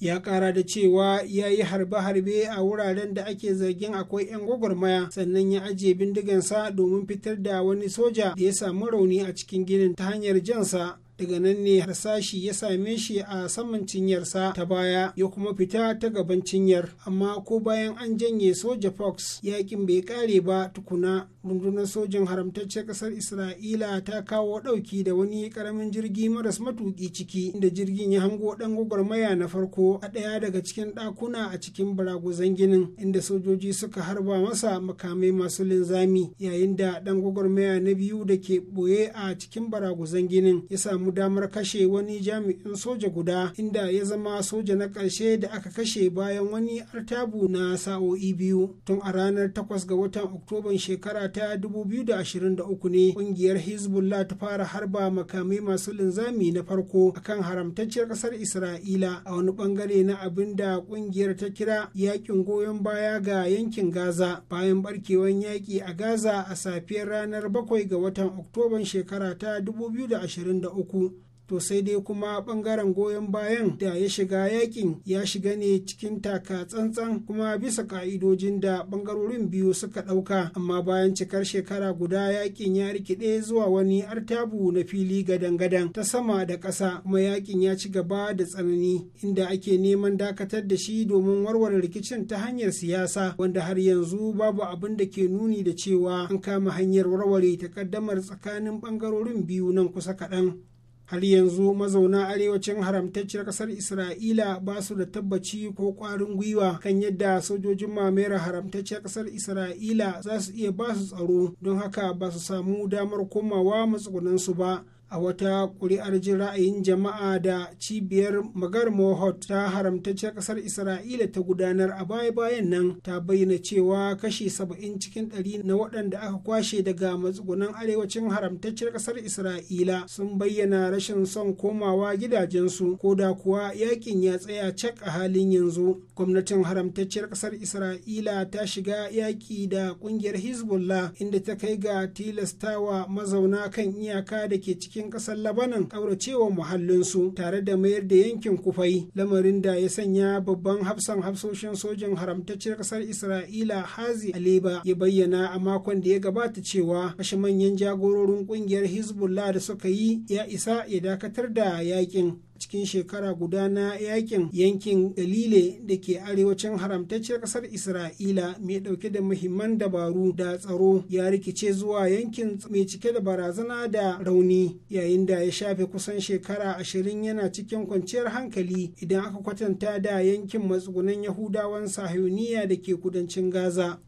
ya ƙara da cewa ya yi harbe-harbe a wuraren da ake zargin akwai 'yan gwagwarmaya sannan ya ajiye bindigansa domin fitar da wani soja da ya samu rauni a cikin ginin ta hanyar jansa daga nan ne harsashi ya same shi a saman cinyarsa ta baya ya kuma fita ta gaban cinyar amma ko bayan an janye soja fox yakin bai kare ba tukuna rundunar sojan haramtaccen kasar isra'ila ta kawo ɗauki da wani karamin jirgi maras matuki ciki inda jirgin ya hango ɗan gwagwarmaya na farko a ɗaya daga cikin ɗakuna a cikin baraguzan ginin inda sojoji suka harba masa makamai masu linzami yayin da ɗan gwagwarmaya na biyu da ke boye a cikin baraguzan ginin ya samu samu damar kashe wani jami'in soja guda inda ya zama soja na ƙarshe da aka kashe bayan wani artabu na sa'o'i biyu tun a ranar 8 ga watan oktoban shekara ta 2023 ne ƙungiyar hezbollah ta fara harba makamai masu linzami na farko akan haramtacciyar ƙasar isra'ila a wani bangare na abin da ƙungiyar ta kira yakin goyon baya ga yankin gaza bayan barkewan yaƙi a gaza a safiyar ranar 7 ga watan oktoban shekara ta 2023 uku to sai dai kuma bangaren goyon bayan da ya shiga yakin ya shiga ne cikin taka tsantsan kuma bisa ka'idojin da bangarorin biyu suka ɗauka amma bayan cikar shekara guda yakin ya rikide zuwa wani artabu na fili gadan-gadan ta sama da ƙasa kuma yakin ya ci gaba da tsanani inda ake neman dakatar da shi domin warware rikicin ta hanyar siyasa wanda har yanzu babu abin da ke nuni da cewa an kama hanyar warware takaddamar tsakanin bangarorin biyu nan kusa kaɗan. har yanzu mazauna arewacin haramtacciyar kasar isra'ila ba su da tabbaci ko kwarin gwiwa kan yadda sojojin mamayar haramtacciyar kasar isra'ila za su iya ba su tsaro don haka ba su samu damar komawa matsugunansu ba a wata ƙuri'ar jin ra'ayin jama'a da cibiyar magar mohot ta haramtacciyar ƙasar isra'ila ta gudanar a baya-bayan nan ta bayyana cewa kashi saba'in cikin ɗari na waɗanda aka kwashe daga matsugunan arewacin haramtacciyar ƙasar isra'ila sun bayyana rashin son komawa gidajensu ko da kuwa yakin ya tsaya cak a halin yanzu gwamnatin haramtacciyar ƙasar isra'ila ta shiga yaƙi da ƙungiyar hezbollah inda ta kai ga tilastawa mazauna kan iyaka da ke ciki. cikin ƙasar labanan kauracewa muhallinsu tare da mayar da yankin kufai lamarin da ya sanya babban hafsan hafsoshin sojin haramtacciyar ƙasar isra'ila hazi aleba ya bayyana a makon da ya gabata cewa kashe manyan jagororin ƙungiyar hezbollah da suka yi ya isa ya dakatar da yakin cikin shekara guda na yakin yankin Dalile da ke arewacin haramtacciyar ƙasar isra'ila mai ɗauke da muhimman dabaru da tsaro ya rikice zuwa yankin mai cike da barazana da rauni yayin da ya shafe kusan shekara ashirin yana cikin kwanciyar hankali idan aka kwatanta da yankin matsugunan yahudawan sahiyoniya da ke kudancin gaza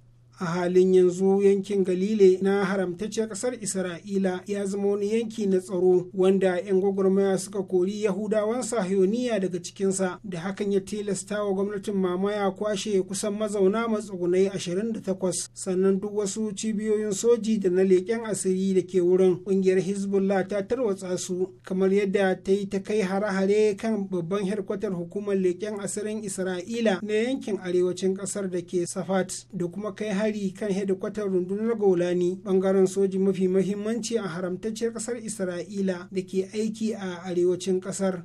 a halin yanzu yankin galile na haramtacciyar ƙasar isra'ila ya zama wani yanki na tsaro wanda 'yan gwagwarmaya suka kori yahudawan sahioniya daga cikinsa da hakan ya tilasta wa gwamnatin mamaya kwashe kusan mazauna matsugunai 28 sannan duk wasu cibiyoyin soji da na leƙen asiri da ke wurin ƙungiyar hezbollah ta tarwatsa su kamar yadda ta yi ta kai hare-hare kan babban herkwatar hukumar leƙen asirin isra'ila na yankin arewacin ƙasar da ke safat da kuma kai ƙari kan hedikwatar rundunar golani bangaren soji mafi mahimmanci a haramtacciyar kasar isra'ila da ke aiki a arewacin kasar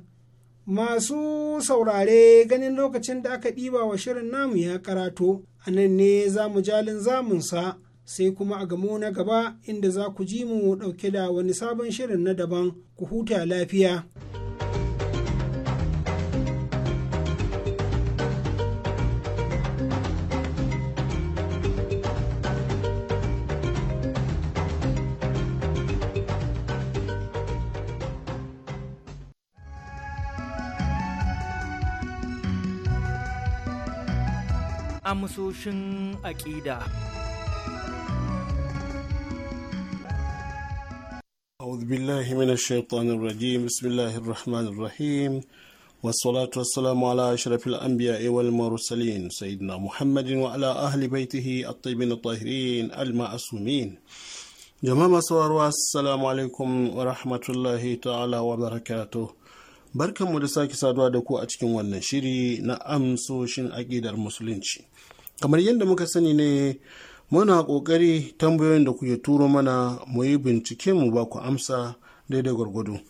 masu saurare ganin lokacin da aka ɗiba wa shirin namu ya karato a nan ne za mu jalin zamunsa sai kuma a gamo na gaba inda za ku ji mu ɗauke da wani sabon shirin na daban ku huta lafiya. amsoshin aƙida. أعوذ بالله من الشيطان الرجيم بسم الله الرحمن الرحيم والصلاة والسلام على أشرف الأنبياء والمرسلين سيدنا محمد وعلى أهل بيته الطيبين الطاهرين المعصومين جماعة صور السلام عليكم ورحمة الله تعالى وبركاته Barkanmu da sake saduwa da ku a cikin wannan shiri na amsoshin aƙidar musulunci. Kamar yadda muka sani ne muna ƙoƙari tambayoyin da kuke turo mana mu yi bincike mu ba ku amsa daidai gwargwado.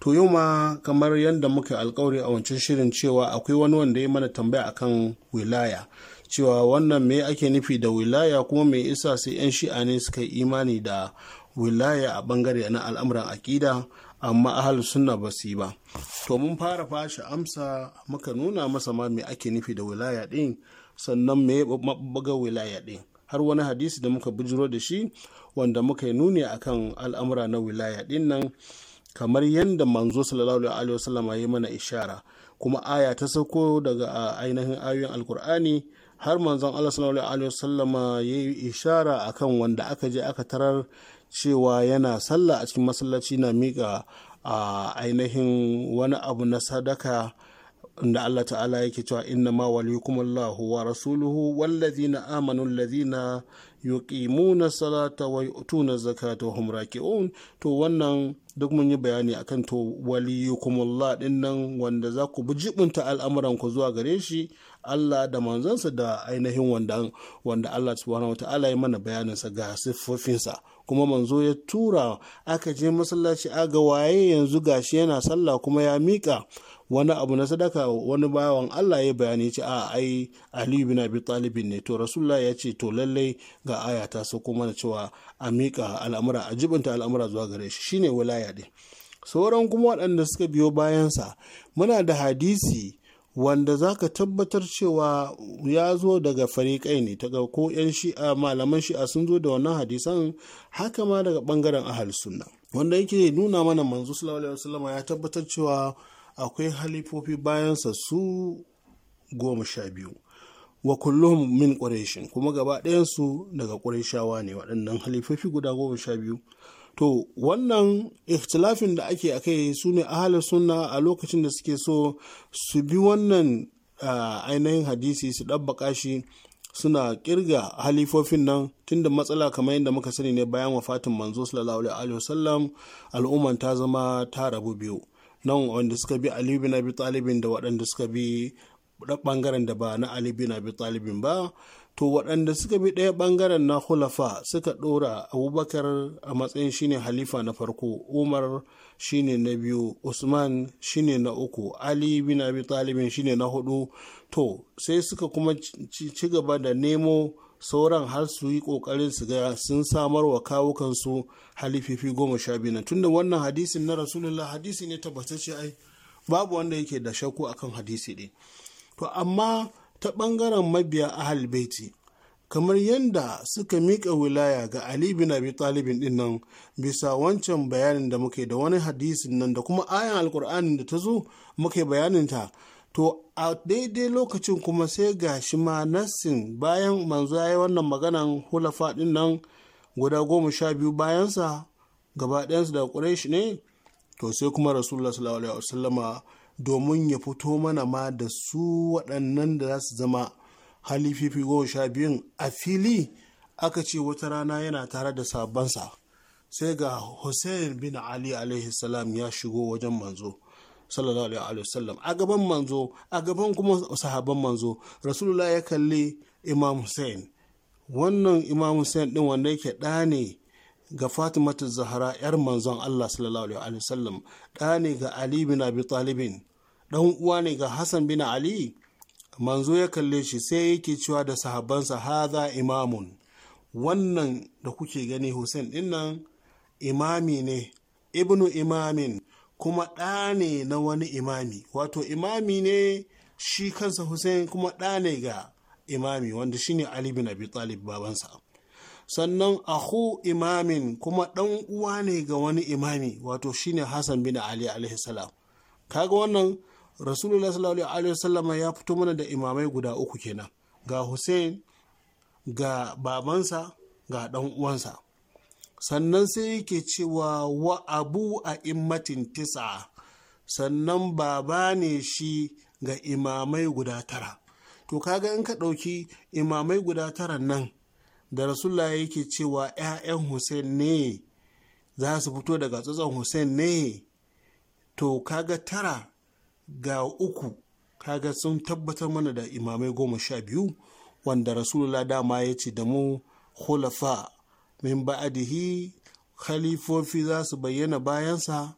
To yau ma kamar yadda muka alkawari a wancan shirin cewa akwai wani wanda ya mana tambaya akan wilaya. Cewa wannan me ake nufi da wilaya kuma me isa sai 'yan shi'a ne suka yi imani da wilaya a bangare na al'amuran aƙida amma ahal sunna ba su yi ba to mun fara fashi amsa muka nuna masa ma me ake nufi da wilaya din sannan me mabaga wilaya din har wani hadisi da muka bujiro da shi wanda muka yi nuni akan al'amura na wilaya din nan kamar yadda manzo sallallahu alaihi wasallam ya mana ishara kuma aya ta sauko daga ainihin ayoyin alkur'ani har manzon Allah sallallahu alaihi sallam ya yi ishara akan wanda aka je aka tarar cewa yana sallah a cikin masallaci na miƙa a ainihin wani abu na sadaka inda Allah ta'ala yake cewa inna ma waliyukumullahu wa rasuluhu wallazina amanu allazina yuqimuna salata wa yu'tuna zakata wa hum raki'un to wannan duk mun yi bayani akan to waliyukumullah din nan wanda za ku jibunta al'amuran ku zuwa gare shi Allah da manzansa da ainihin wanda wanda Allah subhanahu wataala ya mana bayaninsa ga siffofinsa kuma manzo ya tura aka je masallaci aga waye yanzu gashi yana sallah kuma ya mika wani abu na sadaka wani bawan Allah ya bayani ce a ai Aliyu bin Abi Talib ne to Rasulullah ya ce to lallai ga aya ta sauko mana cewa a mika al'amura a jibinta al'amura zuwa gare shi shine wilaya din sauran kuma waɗanda suka biyo bayansa muna da hadisi wanda za ka tabbatar cewa ya zo daga fariƙai ne ta ko 'yan shi'a malaman shi'a sun zo da wannan hadisan haka ma daga ɓangaren ahal sunna wanda yake nuna mana manzo sallallahu alaihi ya tabbatar cewa akwai halifofi bayansa su goma sha biyu wa kullum min ƙureshin kuma gaba ɗayan su daga ƙureshawa ne waɗannan halifofi guda goma sha biyu to wannan ikhtilafin da ake a kai su ne ahalar sunna a lokacin da suke so su bi wannan ainihin hadisi su ɗabbaka shi suna kirga halifofin nan tunda matsala kamar yadda muka sani ne bayan wafatin manzo sallallahu alaihi wasallam al'umman ta zama ta rabu biyu nan wanda suka bi ali bin abi talibin da waɗanda suka bi bangaren da ba na ali bin abi talibin ba to waɗanda suka bi ɗaya ɓangaren na hulafa suka ɗora abubakar a matsayin shine halifa na farko umar shine na biyu usman shine na uku ali bin abi talibin shine na hudu to sai suka kuma ci gaba da nemo sauran har su yi kokarin su ga sun samar wa kawukansu halififi goma sha biyu na tunda wannan hadisin na rasulullah hadisi ne tabbatacce ai babu wanda yake da shakku akan hadisi ɗin to amma ta ɓangaren mabiya ahal baiti kamar yadda suka miƙa wilaya ga Ali bin Abi Talibin din bisa wancan bayanin da muke da wani hadisin nan da kuma ayan alkur'anin da ta zo muke bayaninta to a daidai lokacin kuma sai ga shi ma nassin bayan manzo ya yi wannan maganan hulafa din nan guda goma sha biyu bayansa gaba ɗayansu da ƙureshi ne to sai kuma rasulullah sallallahu alaihi wasallama domin ya fito mana ma da su waɗannan da za su zama halififi goma sha biyun a fili aka ce wata rana yana tare da sabansa sai ga hussein bin ali alaihi salam ya shigo wajen manzo a gaban manzo a gaban kuma sahaban manzo rasulullah ya kalli imam hussein wannan imam hussein din wanda yake ɗa ne ga fatimatu zahara yar manzon allah sallallahu alaihi wasallam ɗa ne ga ali bin abi talibin ɗan uwa ne ga hassan bin ali manzo ya kalle shi sai yake cewa da sahabbansa haza imamun wannan da kuke gani hussein dinnan imami ne ibnu imamin kuma ɗa ne na wani imami wato imami ne shi kansa hussein kuma ɗa ne ga imami wanda shine ali bin abi talib babansa sannan ahu imamin kuma ɗan uwa ne ga wani imami wato shine hassan bin ali alaihi salam kaga wannan rasulullah sallallahu alaihi wasallam ya fito mana da imamai guda uku kenan ga hussein ga babansa ga ɗan uwansa sannan sai yake cewa wa abu a immatin tisa sannan baba ne shi ga imamai guda tara to kaga in ka ɗauki imamai guda tara nan da rasulullah yake cewa 'ya'yan hussein ne za su fito daga tsatson hussein ne to kaga tara ga uku kaga sun tabbatar mana da imamai goma sha biyu wanda rasulullah dama ya ce da mu khulafa min ba'adihi khalifofi za su bayyana bayansa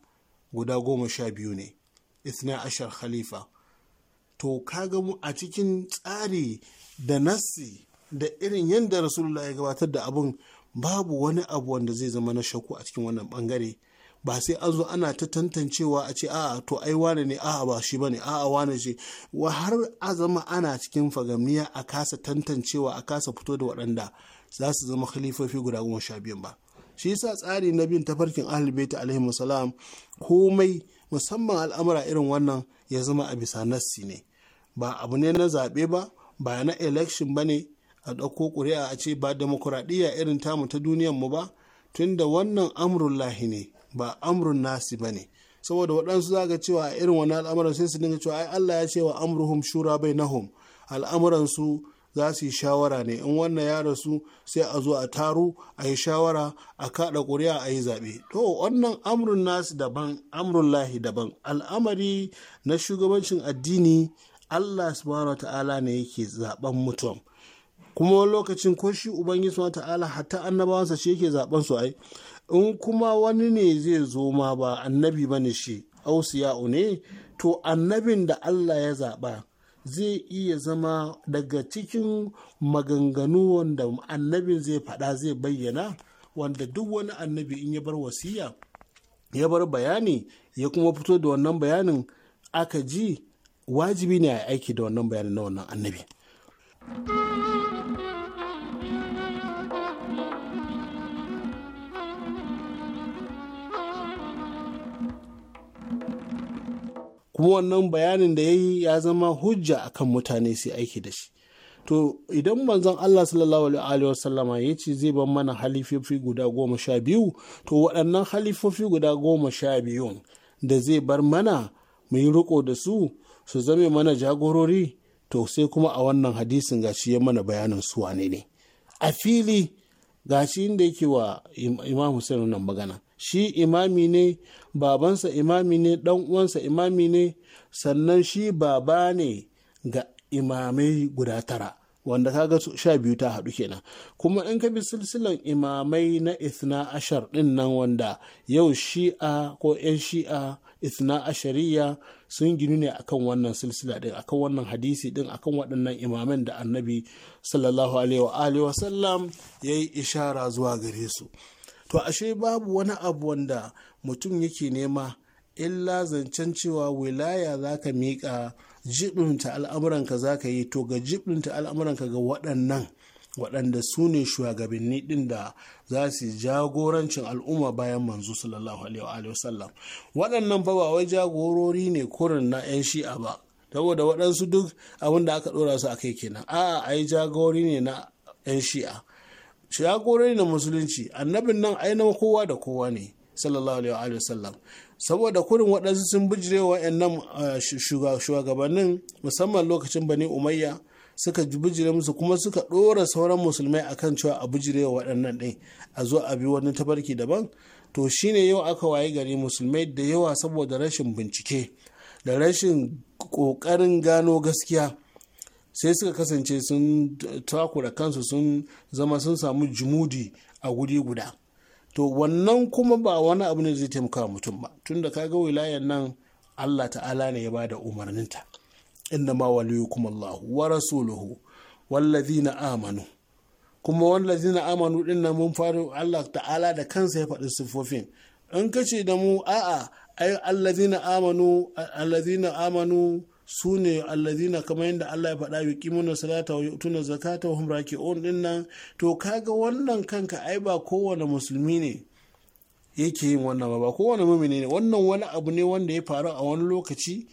guda goma sha biyu ne isna ashar khalifa to kaga mu a cikin tsari da nassi da irin yadda rasulullah ya gabatar da abun babu wani abu wanda zai zama na shaku a cikin wannan bangare ba sai an ana ta tantancewa a ce a'a to ai wane ne a'a ba shi bane a'a wane shi wa har a zama ana cikin fagamniya a kasa tantancewa a kasa fito da waɗanda za su zama khalifofi guda goma sha biyun ba shi yasa tsari na bin tafarkin ahlul baiti alaihi salam komai musamman al'amura irin wannan ya zama a bisa nassi ne ba abu ne na zabe ba ba na election bane a ɗauko ƙuri'a a ce ba demokuraɗiyya irin tamu ta duniyan mu ba tunda wannan amrun lahi ne ba amrun nasi ba ne saboda waɗansu za ga cewa irin wani al'amuran sai su dinga cewa ai Allah ya ce wa amruhum shura bai nahum al'amuran su za su yi shawara ne in wannan ya rasu sai a zo a taru a yi shawara a kaɗa ƙuri'a a yi zaɓe to wannan amrun nasi daban amrun lahi daban al'amari na shugabancin addini allah subhanahu ta'ala ne yake zaɓen mutum kuma wani lokacin ko shi ubangiji wa ta'ala hatta annabawansa shi yake zaben su ai in kuma wani ne zai zo ma ba annabi bane shi ausiya'u ne to annabin da Allah ya zaba zai iya zama daga cikin maganganu wanda annabin zai faɗa zai bayyana wanda duk wani annabi in ya bar wasiya ya bar bayani ya kuma fito da wannan bayanin aka ji wajibi ne a aiki da wannan bayanin na wannan annabi. kuma wannan bayanin da ya yi ya zama hujja akan mutane su aiki da shi to idan manzon Allah sallallahu alaihi wasallama ya ce zai ban mana halifofi guda goma sha biyu to waɗannan halifofi guda goma sha biyun da zai bar mana mu yi riko da su su zame mana jagorori to sai kuma a wannan hadisin shi ya mana bayanin su wane ne a fili gashi inda yake wa imam Hussein nan magana shi imami ne babansa imami ne dan uwansa imami ne sannan shi baba ne ga imamai guda tara wanda kaga sha biyu ta haɗu kenan kuma in ka bi silsilan imamai na ithna ashar ɗin nan wanda yau shi'a ko 'yan shi'a ithna ashariya sun ginu ne akan wannan silsila din akan wannan hadisi din akan waɗannan imaman da annabi sallallahu alaihi wa sallam ya yi ishara zuwa gare su to ashe babu wani abu wanda mutum yake nema illa zancen cewa wilaya za ka miƙa jibinta al'amuranka za ka yi to ga jibinta al'amuranka ga waɗannan waɗanda su ne shugabanni ɗin da za su jagorancin al'umma bayan manzo sallallahu alaihi wa sallam waɗannan ba ba wai jagorori ne kurin na 'yan shi'a ba saboda waɗansu duk abin da aka ɗora su a kai kenan a ai jagorori ne na 'yan shi'a jagorori na musulunci annabin nan ai na kowa da kowa ne sallallahu alaihi wa sallam saboda kurin waɗansu sun bijirewa 'yan nan eh, shugabannin musamman lokacin bani umayya suka bijire musu kuma suka ɗora sauran musulmai akan cewa a bijire waɗannan ɗin a zo a bi wani tabarki daban to shine yau aka waye gari musulmai da yawa saboda rashin bincike da rashin ƙoƙarin gano gaskiya sai suka kasance sun takura kansu sun zama sun samu jumudi a guri guda to wannan kuma ba wani abu ne zai taimaka mutum ba tunda kaga wilayan nan allah ta'ala ne ya bada umarninta innama waliyukum Allah wa rasuluhu wallazina amanu kuma wallazina amanu din nan mun fara Allah ta'ala da kansa ya faɗi siffofin in ka ce da mu a'a ay allazina amanu allazina amanu su allazina kamar yadda Allah ya faɗa yuqimuna salata wa yu'tuna zakata wa hum raki'un din nan to kaga wannan kanka ai ba kowane musulmi ne yake yin wannan ba ba kowane mumini ne wannan wani abu ne wanda ya faru a wani lokaci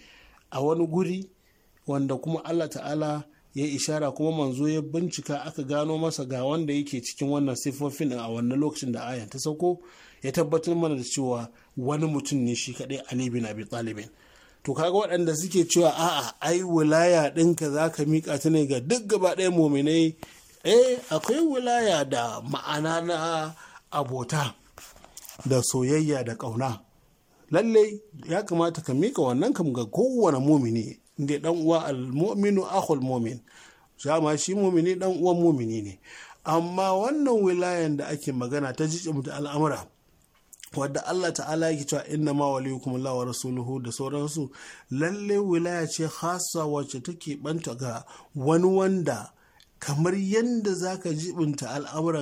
a wani guri wanda kuma allah ta'ala ya ishara kuma manzo ya bincika aka gano masa ga wanda yake cikin wannan siffofin a wannan lokacin da ayan ta sauko ya tabbatar mana da cewa wani mutum ne shi kadai ali bin abi talibin to kaga waɗanda suke cewa a'a ai wilaya ɗinka za ka miƙa ta ne ga duk gaba ɗaya mominai eh akwai wilaya da ma'ana na abota da soyayya da ƙauna lallai ya kamata ka mika wannan kam ga kowane mumini da dan uwa al-mu'minu akhul mu'min zama shi mumini dan uwan mumini ne amma wannan wilayan da ake magana ta jijim da al'amura wadda Allah ta'ala yake cewa inna ma waliyukum Allah wa rasuluhu da sauransu lalle wilaya ce khassa wacce take banta ga wani wanda kamar yadda zaka jibinta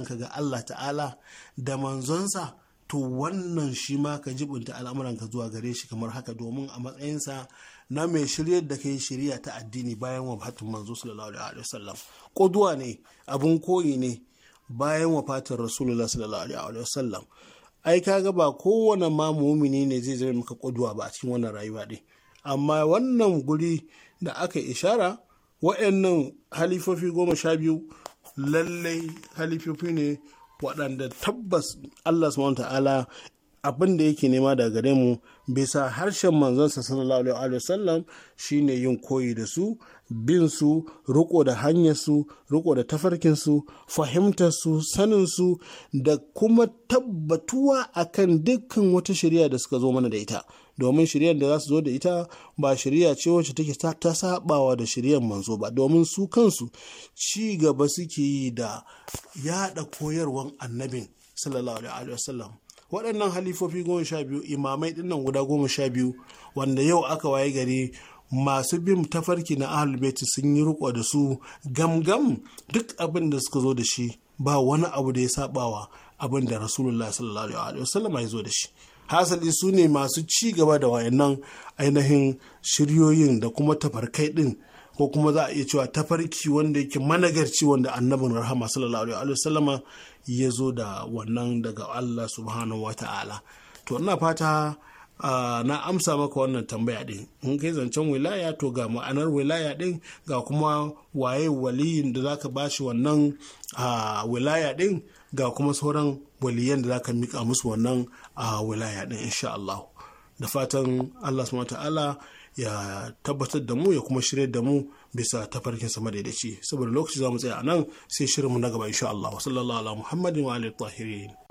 ka ga Allah ta'ala da manzonsa to wannan shi ma ka jibinta ka zuwa gare shi kamar haka domin a matsayinsa na mai shiryar da kai shirya ta addini bayan wafatun manzo sallallahu alaihi wasallam kuduwa ne abun koyi ne bayan wafatin rasulullah sallallahu alaihi wasallam ai kaga ba kowane ma mumini ne zai zama maka kuduwa ba a cikin wannan rayuwa din amma wannan guri da aka ishara wa'annan halifofi goma sha biyu lallai halifofi ne waɗanda tabbas Allah subhanahu ta'ala abin da yake nema daga gare mu bisa harshen manzonsa sallallahu alaihi wasallam shine yin koyi da su bin su riko da hanyar su, riko da tafarkin su, fahimtar su, sanin su, da kuma tabbatuwa akan dukkan wata shari'a da suka zo mana da ita domin shari'ar da za su zo da ita ba shari'a ce wacce take ta sabawa da shari'ar manzo ba domin su kansu ci gaba suke yi da yada koyarwan annabin sallallahu alaihi wasallam waɗannan halifofi goma sha biyu imamai ɗinnan guda goma sha biyu wanda yau aka waye gari masu bin tafarki na ahalbeti sun yi riko da su gamgam duk abin da suka zo da shi ba wani abu da ya sabawa abin da rasulullah sallallahu alaihi wasallam ya zo da shi hasali su ne masu ci gaba da wayannan ainihin shiryoyin da kuma tafarkai din ko kuma za a iya cewa tafarki wanda yake managarci wanda annabin rahama sallallahu alaihi wa wasallama ya zo da wannan daga Allah subhanahu wa ta'ala to ina fata na amsa maka wannan tambaya din in kai zancen wilaya to ga ma'anar wilaya din ga kuma waye waliyin da zaka bashi wannan wilaya din ga kuma sauran waliyan da zaka mika musu wannan a wilaya din insha Allah da fatan Allah subhanahu ta'ala ya tabbatar da mu ya kuma shirya da mu bisa tafarkin sama da saboda lokaci za mu tsaya a nan sai shirinmu na gaba insha Allah wa sallallahu ala muhammadin wa alihi tahirin